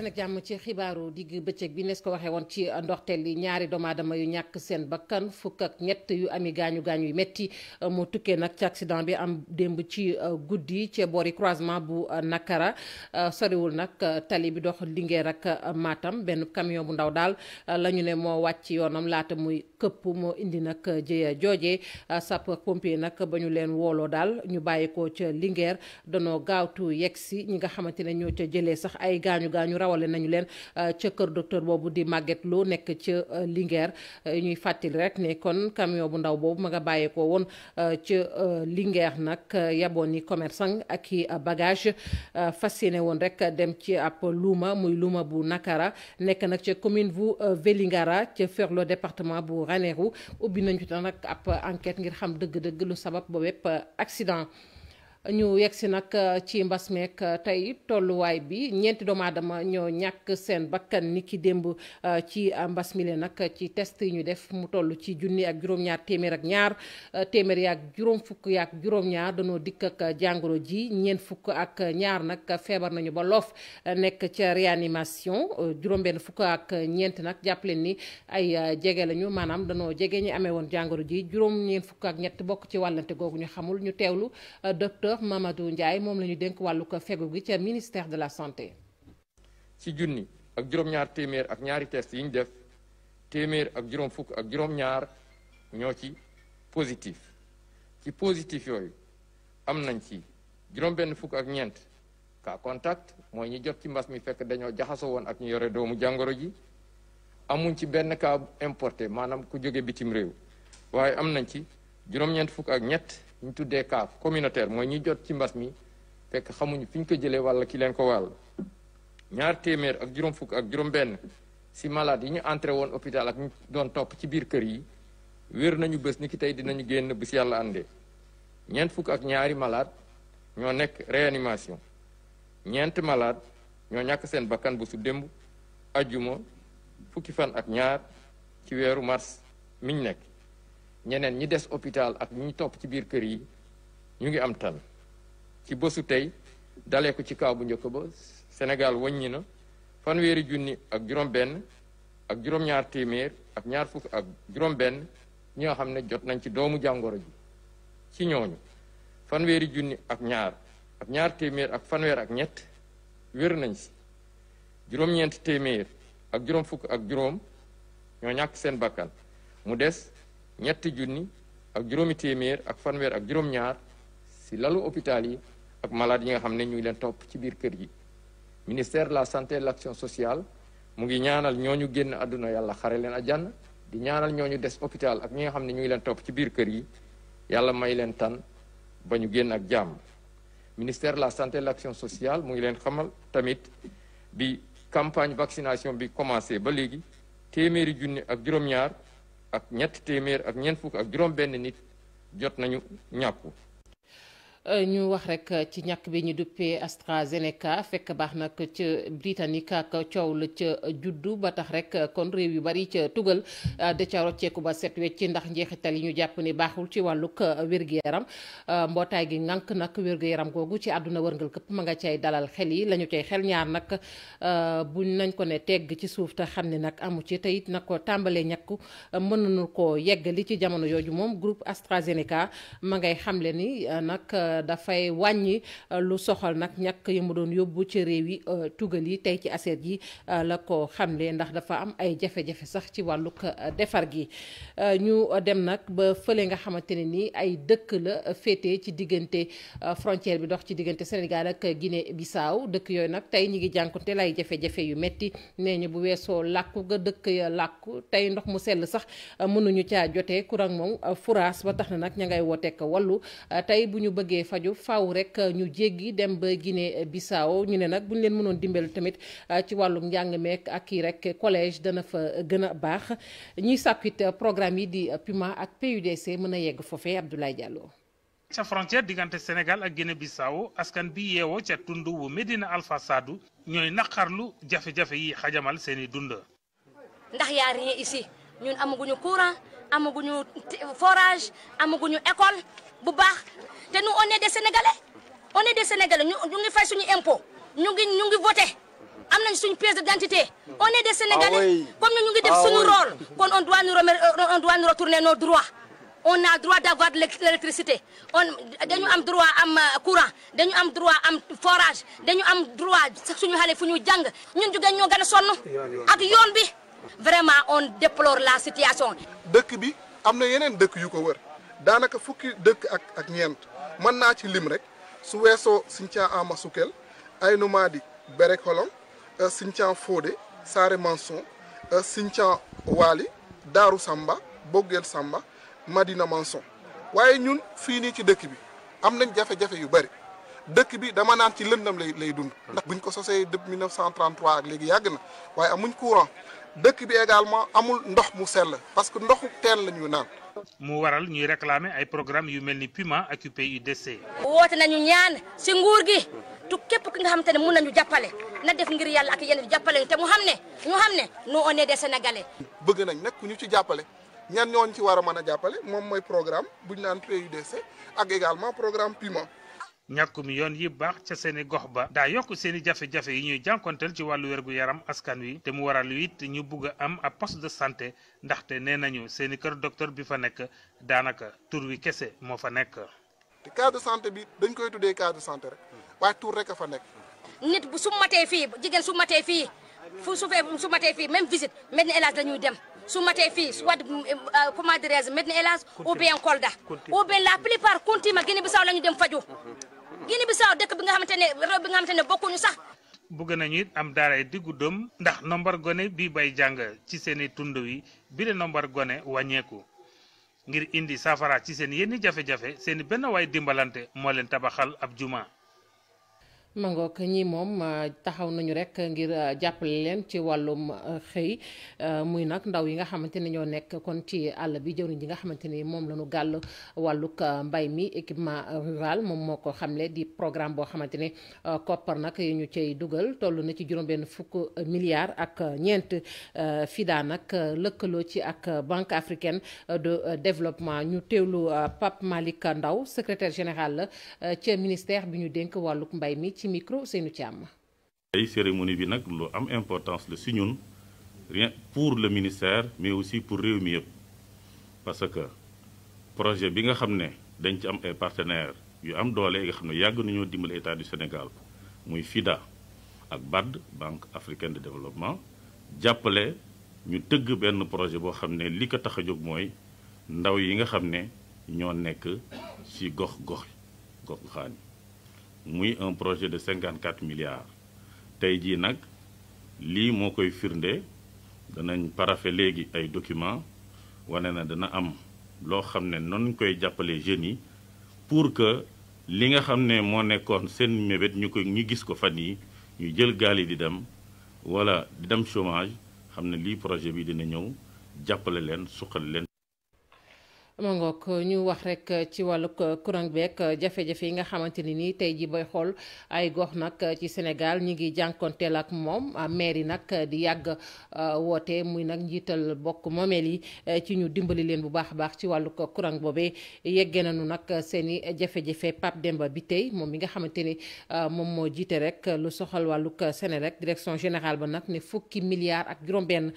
dalee nag jàmm ci xibaaru digg bëccëg bi nees ko waxee woon ci ndoxteel yi ñaari doomu aadama yu ñàkk seen bakkan fukk ak ñett yu ami gaañu gaañu yu métti mu tukkee nag ci accident bi am démb ci euh, guddi ci boori croisement bu euh, Nakara euh, soriwul nag tali bi dox Linguère ak maatam benn camion bu ndaw daal lañu ne moo wàcc yoonam laata muy këpp moo indi nag jëya jooje sapeur pompier nag ba ñu leen wooloo daal ñu bàyyi ko ca Linguère danoo gaawtu yegg si ñi nga xamante ne ñoo ca jëlee sax ay gaañu gaañu raw rawale nañu leen euh, ca kër docteur boobu di màgget Lo nekk ca euh, Linguère euh, ñuy fàttali rek ne kon camion bu ndaw boobu ma nga bàyyeekoo woon ca Linguère nag yaboon yi commerçant ak i bagage fas yéene woon rek dem ci ab luuma muy luuma bu Nakara nekk nag ca commune bu Vélingara ca Ferlo département bu Ranérou ubbi nañu nag ab enquête ngir xam dëgg-dëgg lu sabab ba wépp accident ñu yegg si nag euh, ci mbas meek euh, tey tolluwaay bi ñeenti doomu aadama ñoo ñàkk seen bakkan ni ki démb euh, ci mbas mi le nag ci test yi ñu def mu toll ci junni ak juróom-ñaar téeméer ñaar téeméer yaak juróom fukk yaak juróom-ñaar danoo dikk ak jàngoro ji ñeen fukk ak ñaar nag feebar nañu ba nekk ca réanimation juróom fukk ak ñeent nag jàpp leen ni ay jege lañu maanaam danoo jege ñi amee woon jàngoro ji juróom ñeen fukk ak ñett bokk ci wàllante googu ñu xamul ñu teewlu docteur Mamadou Ndiaye moom la ñu dénk wàllu ko fegu gi ca ministère de la santé. ci junni ak juróom-ñaar téeméer ak ñaari test yi ñu def téeméer ak juróom fukk ak juróom-ñaar ñoo ci positif ci positif yooyu am nañ ci juróom-benn fukk ak ñeent ka contact mooy ñi jot ci mbas mi fekk dañoo jaxasoo woon ak ñu yore doomu jàngoro ji amuñ ci benn ka importé maanaam ku jóge bitim réew waaye am nañ ci juróom-ñeent fukk ak ñett. ñu tuddee kaaf communautaire mooy ñi jot ci mbas mi fekk xamuñu fi ñu ko jëlee walla ki leen ko wàll ñaar téeméer ak juróom fukk ak juróom benn si malade yi ñu entré woon hôpital ak ñu doon topp ci biir kër yi wér nañu bés ni ki tey dinañu génn bu si yàlla àndee ñeent fukk ak ñaari malade ñoo nekk réanimation ñeent malade ñoo ñàkk seen bakkan bu su démb ajjuma fukki fan ak ñaar ci weeru mars miñ nekk ñeneen ñi des hôpital ak ñi topp ci biir kër yi ñu ngi am tan ci bësu tey dalee ko ci kaw bu njëkk ba senegal wàññi na fanweeri junni ak juróom-benn ak juróom ak ñaar fukk ak xam ne jot nañ ci doomu jàngoro ji ci ñooñu fanweeri junni ak ñaar ak ñaar ak fanweer ak ñett wér nañ si juróom-ñeent téeméer ak juróom fukk ak juróom ñoo ñàkk seen bakkan mu des ñetti junni ak juróomi téeméer ak fanweer ak juróom-ñaar si lalu hôpital yi ak malade yi nga xam ne ñu ngi leen topp ci biir kër yi ministère la santé et l'action sociale mu ngi ñaanal ñoo ñu génn àdduna yàlla xare leen àjjana di ñaanal ñu des hôpital ak ñi nga xam ne ñu ngi leen topp ci biir kër yi yàlla may leen tan ba ñu génn ak jàmm ministère la santé et l'action sociale mu ngi leen xamal tamit bi campagne vaccination bi commencé ba léegi téeméeri junni ak juróom ak ñett téeméer ak ñeent fukk ak juróom benn nit jot nañu ñàkku Euh, ñu wax rek euh, ci ñàkk bi ñu duppee AstraZeneca fekk baax nag ca Britannique ak coow la ca juddu ba tax rek euh, kon réew yu bari ca tugal da ca rocceeku ba set wecc ndax njeexital yi ñu jàpp ni baaxul ci wàllug wér-gu-yaram mbootaay gi ngànk nag wér-gu-yaram googu ci àdduna wërngal këpp ma nga cay dalal xel yi lañu koy xel ñaar nag bu nañ ko ne teg ci suuf te xam ne nag amu ci teyit nag ko tàmbalee ñàkku nañu ko yeggali ci jamono yooju moom groupe AstraZeneca Euh, dafay wàññi euh, lu soxal nag ñàkk yi mu doon yóbbu ci réew yi euh, tugal yi tey ci assiette yi la ko xamle ndax dafa am ay jafe-jafe sax ci wàllug defar gi ñu dem nag ba fële nga xamante ne nii ay dëkk la féete ci diggante frontière bi ndox ci diggante Sénégal ak Guinée Bissau dëkk yooyu nag tey ñu ngi jànkonte lay jafe-jafe yu metti nee ñu bu weesoo làkku ga dëkk ya làkku tey ndox mu sell sax mënuñu caa jotee courant moom furaas ba tax na nag ña ngay wooteek wallu bëggee faju faaw rek euh, ñu jéggi dem ba Guinée Bissau ñu ne nag bu ñu leen mënoon dimbali tamit euh, ci wàllum njàng meek ak kii rek collège dana fa gën a baax ñuy sàkku euh, programme yi di Puma ak PUDC mën a yegg foofee Abdoulaye Diallo. ca frontière diggante Sénégal ak Guinée Bissau askan bi yeewoo ca tund wu Medina Alpha Sadou ñooy naqarlu jafe-jafe yi xajamal seeni dund. ndax yaa rien ici ñun amaguñu courant amaguñu forage amaguñu école. bu baax te nous on est des sénégalais on est des sénégalais ñu ngi fay suñu impôt ñu ngi ñu ngi voté am nañ suñu pièce d'identité on de des sénégalais ah comme ñu ngi def ah suñu rôle kon on doit nous euh, on doit nous retourner nos droits on a droit d'avoir de l'électricité on dañu am droit am euh, courant dañu am droit am forage dañu am droit suñu xale fu ñu jàng ñun jigéen ñoo gën a sonn ak yoon bi vraiment on déplore la situation dëkk bi am na yeneen dëkk yu ko daanaka fukki dëkk ak ak ñeent mën naa ci lim rek su weesoo Sinthiang Ama Sukel ay Mady Berek Holom euh, Sinthiang Fodé Saare Manson euh, Sinthiang Waali Daaru Samba Boggeel Samba Madina Manson waaye ñun fii nii ci dëkk bi am nañ jafe-jafe yu bari dëkk bi dama naan ci lëndam lay lay dund. ndax buñ ko sosee depuis 1933 ak léegi yàgg na waaye amuñ courant. dëkk bi également amul ndox mu sell parce que ndoxu teen la ñu naan. mu waral ñuy réclamer ay programme yu mel ni PUMA ak ci PUDC. woote nañu ñaan si nguur gi tu képp ki nga xam te ne mun nañu jàppale na def ngir yàlla ak yeneen jàppale te mu xam ne ñu xam ne nous on est des bëgg nañ nag ku ñu ci jàppale ñan ñooñ ci war a mën a jàppale moom mooy programme buñ ñu naan PUDC ak également programme PUMA. ñàkkum yoon yi baax ca seeni gox ba daa yokk seeni jafe-jafe yi ñuy jànkonteel ci wàllu wergu yaram askan wi te mu waral it ñu bugg a am ab poste de santé ndaxte nee nañu seeni kër docteur bi fa nekk daanaka tur wi kese moo fa nekk. te case de santé bi dañ koy tuddee case de santé rek waaye tur rek a fa nekk. nit bu su matee jigéen su matee fii fu su fee su matee fii même visite Médina Elhadj la ñuy dem. su matee fii soit comment euh, dirais-je Médina Elhadj ou bien la plupart Kuntiima Guinée-Bissau la Guinée Bissau dëkk bi nga xamante ne réew bi nga xamante ne bokkuñu sax. bëgg nañu it am daaray diggu dëm ndax nombar gone bi bay jàng ci seeni tund wi bi le nombar gone wàññeeku ngir indi saafara ci seen yenn jafe-jafe seen benn waay dimbalante moo leen tabaxal ab juma. mangook ñi moom euh, taxaw nañu rek ngir euh, jàppale leen ci wàllum euh, xëy muy nag ndaw yi nga xamante ne ñoo nekk kon ci àll bi jëwriñ ji nga xamante ni moom la ñu gàll wàllug mbay mi équipement rural moom moo ko xamle di programme boo xamante ni koppar nag yi ñu cay dugal toll na ci juróom-benn fukk milliards ak ñeent FIDA nag lëkkaloo ci ak Banque africaine de développement ñu teewlu Pape Malick Ndaw secretaire général la ca ministère bi ñu dénk wàllug mbay mi. ci micro seenu càmm. ay cérémonie bi nag lu am importance la si ñun pour le ministère mais aussi pour réew mi yëpp parce que projet bi nga xam ne dañ ci am ay partenaires yu am doole yi nga xam ne yàgg nañoo dimbali état du Sénégal muy FIDA ak BAD Banque africaine de développement jàppale ñu tëgg benn projet boo xam ne li ko tax a jóg mooy ndaw yi nga xam ne ñoo nekk ci gox gox gox xaan muy un projet de cinquante quatre milliards tey jii nag lii moo koy firnde danañ parafe léegi ay document wane na dana am loo xam ne noonu koy jàppale jeunes yi pour que li nga xam ne moo nekkoon seen mébét ñu ko ñu gis ko fan yi ñu jël gaal yi di dem wala di dem chômage xam ne lii projet bi dina ñëw jàppale leen suqal leen ma ngoog ñu wax rek ci wàllu courant beeg jafe-jafe yi nga xamante ni nii tey ji bay xool ay gox nag ci Sénégal ñu ngi jànkonteel ak moom maire yi nag di yàgg euh, woote muy nag njiital bokk moomeel yi euh, ci ñu dimbali leen bu baax a baax ci wàllu courant boobee yeggee nañu nag seen i jafe-jafe Demba bi tey moom mi nga xamante ni euh, moom moo jiite rek lu soxal wàllug Senelec direction général ba nag ne fukki milliards ak juróom-benn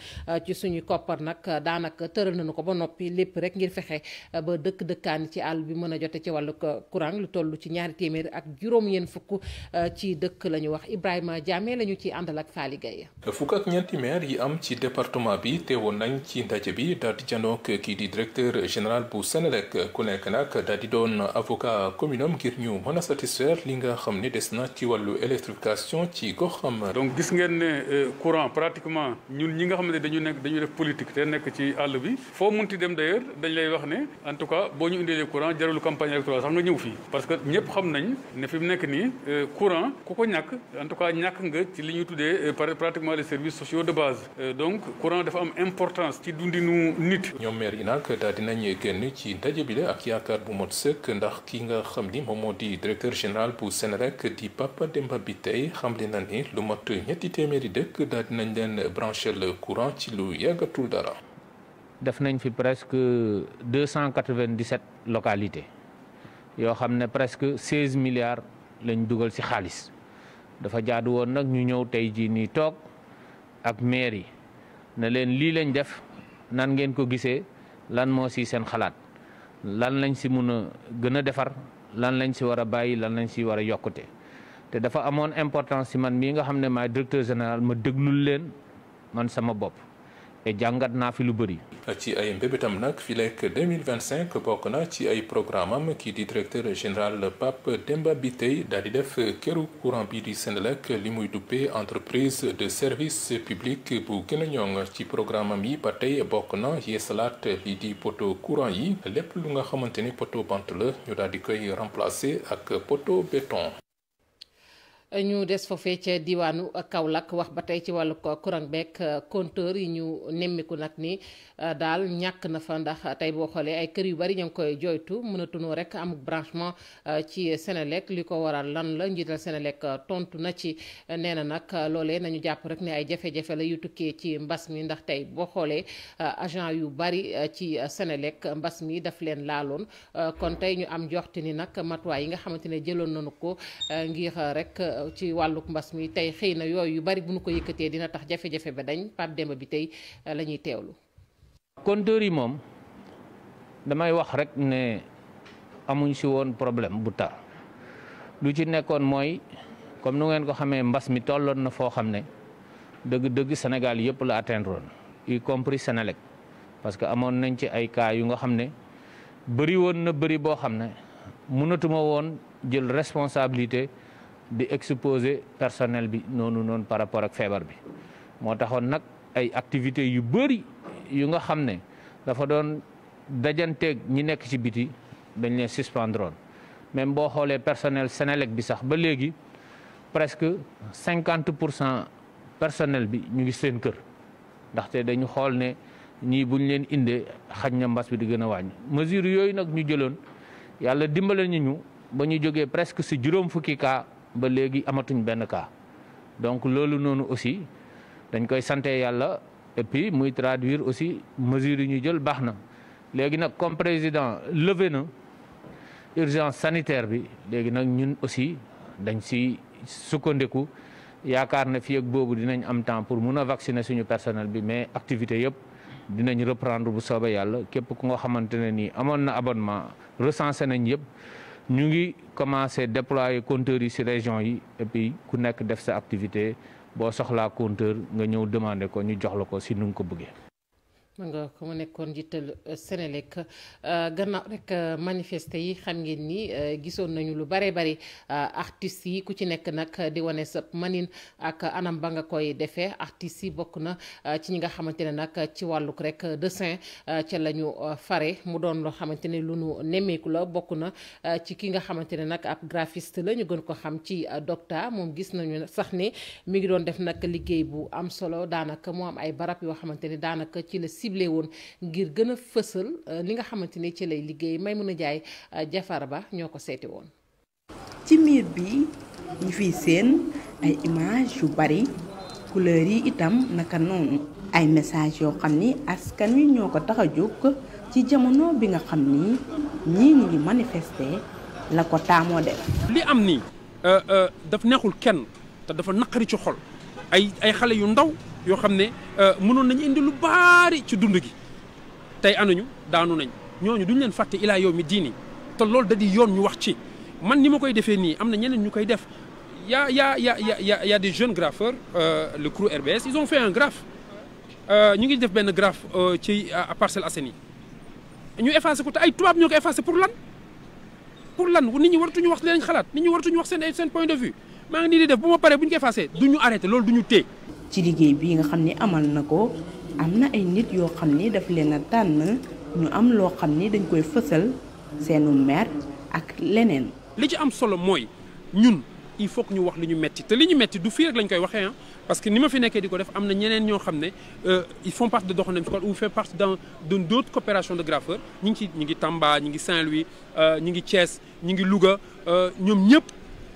ci suñu koppar nag daanaka tëral nañu ko ba noppi lépp rek ngir fexe. ba dëkk dëkkaan ci àll bi mën a jote ci wàllu uh, courant lu toll ci ñaari téeméer ak juróom-ñeent fukk uh, ci dëkk la ñu wax Ibrahima Diamé la ñu ciy àndal ak Faly Gueye. fukk ak ñeenti maire yi am ci département bi te woon nañ ci ndaje bi daal di janook kii di directeur général bu Senelec ku nekk nag daal di doon avocat communam ngir ñu mën a li nga xam ne des na ci wàllu électrification ci gox xam. donc gis ngeen ne euh, courant pratiquement ñun ñi nga xam ne dañu nekk dañu def nekk ci àll bi en tout cas boo ñu indilee courant jarul campagne électorale sax nga ñëw fii parce que ñëpp xam nañ ne fi mu nekk nii euh, courant ku ko ñàkk en tout cas ñàkk nga ci li ñuy tuddee euh, pratiquement les services sociaux de base euh, donc courant dafa am importance ci dundi nu nit. ñoom maire yi nag daal dinañ génn ci ndaje bi la ak yaakaar bu mot sëkk ndax ki nga xam ni moom moo di directeur général bu rek di Papa Demba bi tey xamle na ni lu mat ñetti téeméeri dëkk daal dinañ leen brancher le courant ci lu yàggatul dara. def nañ fi presque deux cent quatre vingt di sept localités yoo xam ne presque seize milliards lañ dugal ci xaalis dafa jaadu woon nag ñu ñëw tey jii nii toog ak maire yi ne leen lii lañ def nan ngeen ko gisee lan moo si seen xalaat lan lañ si mun a gën a defar lan lañ si war a bàyyi lan lañ ci war a yokkute te dafa amoon importance si man mii nga xam ne maay directeur général ma déglul leen man sama bopp. et jàngat naa fi lu bëri. ci ay mbébétam nag fi lekk 2025 bokk na ci ay programme am kii di directeur général Pape Demba bi tey daal di def këru courant bi di Senelec li muy duppee entreprise de service public bu gën a ñoŋ ci programme yi ba tey bokk na yeesalaat lii di poto courant yi lépp lu nga xamante ni poto bant la ñu daal di koy remplacer ak poto béton. ñu des foofee ca diwaanu Kaolack wax ba tey ci wàllu courant beeg euh, compteur yi ñu nemmiku nag ni euh, daal ñàkk na fa ndax tey boo xoolee ay kër yu bari ñu ngi koy jooytu mënatunoo rek amuk branchement euh, ci Senelec li ko waral lan la njiital Senelec tontu na ci nee na nag loolee nañu jàpp rek ne ay jafe la yu tukkee ci mbas mi ndax tey boo xoolee agent yu bari ci senelek mbas mi daf leen laaloon kon tey ñu am joxti ni nag matuwaay yi nga xamante ne jëloon nañu ko ngir rek. ci wàlluk mbas mi tey xëy na yooyu yu bari bu nu ko yëkkatee dina tax jafe-jafe ba dañ Pape Demba bi tey euh, la ñuy teewlu. compteurs yi moom damay wax rek ne amuñ si woon problème bu tar lu ci nekkoon mooy comme nu ngeen ko xamee mbas mi tolloon na foo xam ne dëgg-dëgg Sénégal yëpp la atteindre woon y compris Sénélec parce que amoon nañ ci ay cas yu nga xam ne bëri woon na bëri boo xam ne mënatuma woon jël responsabilité. di exposer personnel bi noonu noonu par rapport ak feebar bi moo taxoon nag ay activités yu bëri yu nga xam ne dafa doon dajanteeg ñi nekk ci biti dañ leen suspendroon même boo xoolee personnel Senelec bi sax ba léegi presque cinquante pour cent personnel bi ñu ngi seen kër ndaxte dañu xool ne ñii buñ leen indee xaj na mbas bi di gën a wàññi mesure yooyu nag ñu jëloon yàlla dimbale ñu ba ñu jógee presque si juróom fukki cas ba léegi amatuñ benn cas donc loolu noonu aussi dañ koy sante yàlla et puis muy traduire aussi mesures yi ñu jël baax na léegi nag comme président levé na urgence sanitaire bi léegi nag ñun aussi dañ si sukkandiku yaakaar na fii ak boobu dinañ am temps pour mun a vacciner suñu personnel bi mais activité yëpp dinañ reprendre bu soobee yàlla képp ku nga xamante ne nii amoon na abonnement recensé nañ yëpp ñu ngi commencé déployer compteurs yi ci région yi et puis ku nekk def sa activité boo soxlaa compteur nga ñëw demander ko ñu jox la ko si nu nga ko bëggee. mën nga ko mu nekkoon njiital euh, Sénélec euh, gannaaw rek euh, manifester yi xam ngeen ni gisoon nañu lu bare bari artistes yi ku ci nekk nag di wane sa manin ak anam ba nga koy defee artistes yi bokk na ci ñi nga xamante ne nag ci wàlluk rek dessin ca la ñu fare mu doon loo xamante ne lu nu nemmeeku la bokk na ci ki nga xamante ne nag ab graphiste la ñu gën ko xam ci docta moom gis nañu sax ni mu ngi doon def nag liggéey bu am solo daanaka mu am ay barab yoo xamante ne daanaka ciblé woon ngir gën a fësal euh, li nga xamante ne ci lay liggéey may mën a jaay euh, Jafar Ba ñoo ko seeti woon. ci miir bi ñu fi seen ay image yu bari couleur yi itam naka noonu ay message yoo xam ni askan wi ñoo ko tax a jóg ci jamono bi nga xam ni ñii ñu ngi manifester la ko taamoo def. li am nii euh, daf neexul kenn te dafa naqari ci xol ay xale yu ndaw. yoo xam ne euh, mënoon nañu indi lu baari ci dund gi tey ñu daanu nañ ñooñu duñu leen fàtte ilaa yow mi diini te loolu da di yoon ñu wax ci man ni ma koy defee nii am na ñeneen ñu koy def yaa yaa ya ya y' a des jeunes graffeurs euh, le crew RBS ils ont fait un graphe euh, ñu ngi def benn graphe ci Parcelles Assainies ñu effacé ko te ay tubaab ñoo ko effacé pour lan pour lan nit ñi waratuñu wax leen xalaat nit ñi waratuñu wax seen point de vue maa ngi di ñu ko loolu du ñu ci liggéey bi nga xam ni amal na ko am na ay nit yoo xam ni daf leen a tànn ñu am loo xam ni dañ koy fësal seenu mer ak leneen. li ci am solo mooy ñun il faut que ñu wax li ñu metti te li ñu metti du fii rek lañ koy waxee parce que ni ma fi nekkee di ko def am na ñeneen ñoo xam ne euh, ils font partie de Doxandem Squad ou fait partie dans de d' autres coopérations de graffeurs ñu ngi ci ñu ngi Tamba ñu ngi Saint-Louis euh, ñu ngi Thiès ñu ngi Louga euh, ñoom ñëpp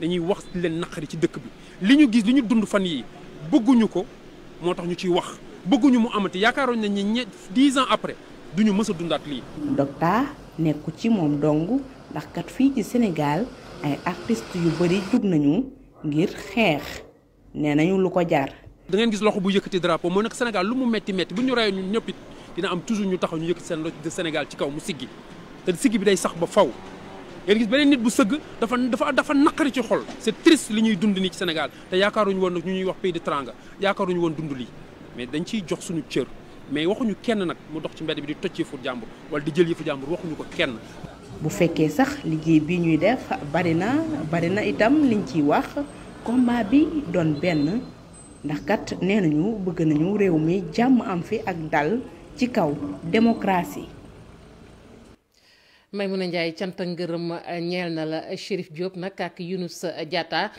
dañuy wax leen naqari ci dëkk bi li ñu gis li ñu dund fan yii. bëgguñu ko moo tax ñu ciy wax bëgguñu mu amati yaakaaroon nañ ne dix ans après duñu mës a dundaat lii. Docta nekku ci moom dong ndax kat fii ci Sénégal ay artistes yu bëri jug nañu ngir xeex nee nañu lu ko jar. da ngeen gis loxo bu yëkkati drapeau moo nag Sénégal lu mu metti metti bu ñu rayee ñun ñëpp dina am toujours ñu taxaw ñu yëkkati seen Sénégal ci kaw mu siggi te siggi bi day sax ba faw ngeen gis beneen nit bu sëgg dafa dafa dafa naqari ci xol c'est triste li ñuy dund ni ci Sénégal te yaakaaruñu woon nag ñu ñuy wax pays de Teranga yaakaaruñu woon dund lii mais dañ ciy jox suñu cër mais waxuñu kenn nag mu dox ci mbedd bi di toj yëfu jàmbur wala di jël yëfu jàmbur waxuñu ko kenn. bu fekkee sax liggéey bi ñuy def bari na bari na itam liñ ciy wax combat bi doon benn ndax kat nee nañu bëgg nañu réew mi jàmm am fi ak dal ci kaw démocratie. Maimouna Ndiaye cant ngërëm eh, ñeel na la eh, Chérif Diop nag ak Younous eh, Diatta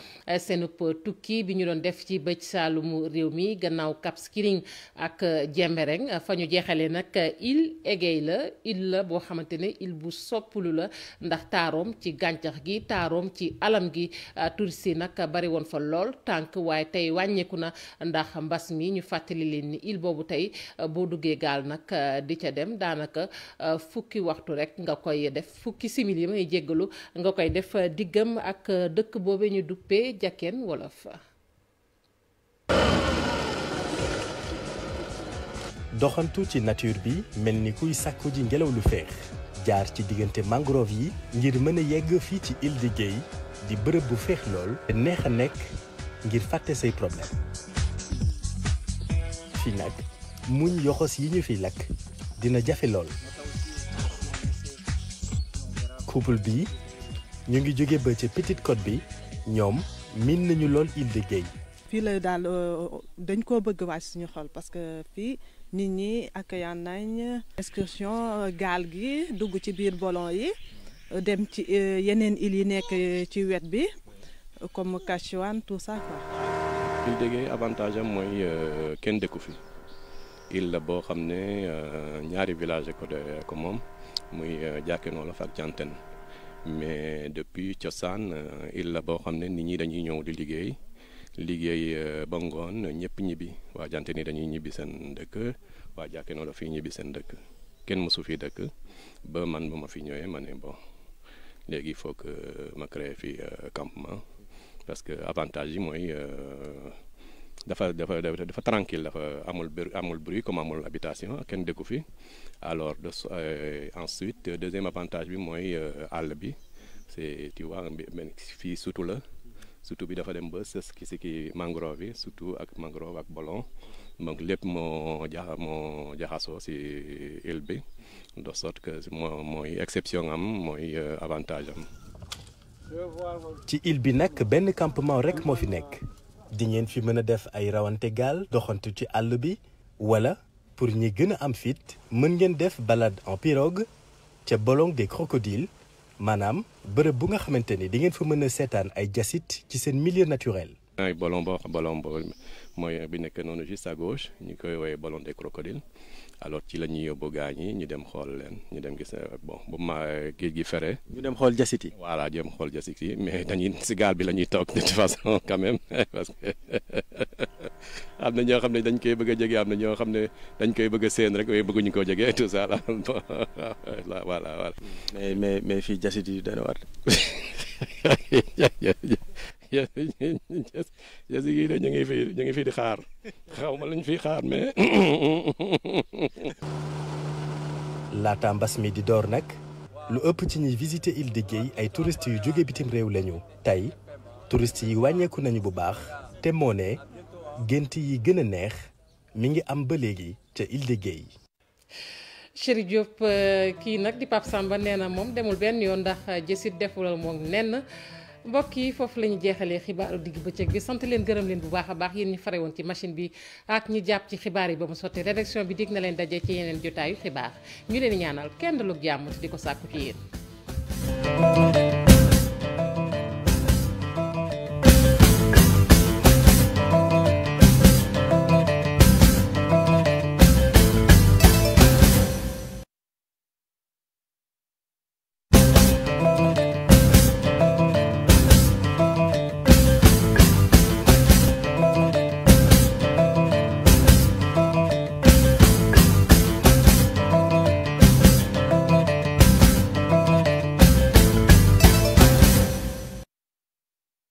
seenub tukki bi ñu doon def ci bëj saalumu réew mi gannaaw Cap Skirring ak Jembereng fa ñu jeexalee nag île Égée la île la boo xamante ne île bu soppulu la ndax taaroom ci gàncax gi taaroom ci alam gi turist yi nag bari woon fa lool tànk waaye tey wàññeeku na ndax mbas mi ñu fàttali leen ni île boobu tey boo duggee gaal nag di ca dem daanaka fukki waxtu rek nga koy koy def fukki simili may jéggalu nga koy def diggam ak dëkk boobe ñu duppee Jakeen Wolof doxantu ci nature bi mel ni kuy sàkku ji ngelaw lu feex jaar ci diggante mangrove yi ngir mën a yegg fii ci Île de di bërëb bu féex lool te neex a nekk ngir fàtte say problème fi nag muñ yoxos yi ñu fiy lakk dina jafe lool couple bi ñu ngi jóge ba ci Petite code bi ñoom miin nañu lool Île de fii la daal euh, dañ koo bëgg wàcc suñu xol parce que fii nit ñi accueillant nañ excursion euh, gaal gi dugg ci biir bolon yi euh, dem ci yeneen il yi nekk ci wet bi comme Cachewan tout ça quoi. Île de avantage am mooy kenn dëkku fi île la boo xam ne ñaari village ko de ko moom. muy Diakeno euh, la ak Thiantène mais depuis cosaan il euh, la boo xam ne nit ñi dañuy ñëw di liggéey liggéey euh, ba ngoon ñëpp ñibbi waa Thiantène yi dañuy ñibbi seen dëkk waa Diakeno la fii ñibbi seen dëkk kenn mësu fi dëkk ba man ba ma fi ñëwee ma ne bon léegi il faut que ma créer fii campement parce que avantage yi mooy. dafa dafa dafa tranquille dafa amul amul bruit comme amul habitation kenn dëkku fi alors de euh, ensuite deuxième avantage bi mooy euh, àll bi c'est tu vois fii surtout la surtout bi dafa dem ba sës ki si ki mangrove bi surtout ak mangrove ak bolon donc lépp moo jaxa moo jaxasoo si euh, île bi de sort que moo mooy exception am mooy avantage am ci île bi nag benn campement rek moo fi nekk dingeen fi mën a def ay rawante gaal doxantu ci àll bi wala pour ñi gën a am fit mën ngeen def balade en pirogue ca bolong des crocodiles maanaam bërëb bu nga xamante ni di ngeen fa mën a seetaan ay jasit ci seen milieu naturel ay ballon boo ballon boo mooy bi nekk noonu juste à gauche ñu koy woowee ballon des crocodiles alors ci la ñuy yóbbu gaa ñi ñu dem xool leen ñu dem gis euh, bon bu ma géej gi fere. ñu dem xool jasit yi. voilà xool jasit yi mais dañuy si gaal bi la ñuy toog de toute façon quand même am na ñoo xam ne dañ koy bëgg a jege am na ñoo xam ne dañ koy bëgg a séen rek waaye bëgguñu koo jege tout ça la voilà voilà. mais mais mais fii jasit yi dana war. fi di xaar xaw ma lañ fiy xaar laata mbas mi di door nag lu ëpp ci ñuy visiter Île de Gueye ay touristes yu jóge bitim réew lañu. tey touristes yi wàññeeku nañu bu baax te moo ne gént yi gën a neex mi ngi am ba léegi ca Île de Gueye. Chéri Diop euh, kii nag di Pape Samba nee na moom demul benn yoon ndax euh, jësit defulal moom nenn. mbokk yi foofu la ñu jeexalee xibaaru digg bëccëg bi sant leen gërëm leen bu baax a baax yéen ñi fare woon ci machine bi ak ñi jàpp ci xibaar yi ba mu sotti rédaction bi dig na leen daje ci yeneen jotaayu xibaar ñu leen ñaanal kenn dalug jàmm di ko sàkku ci yéen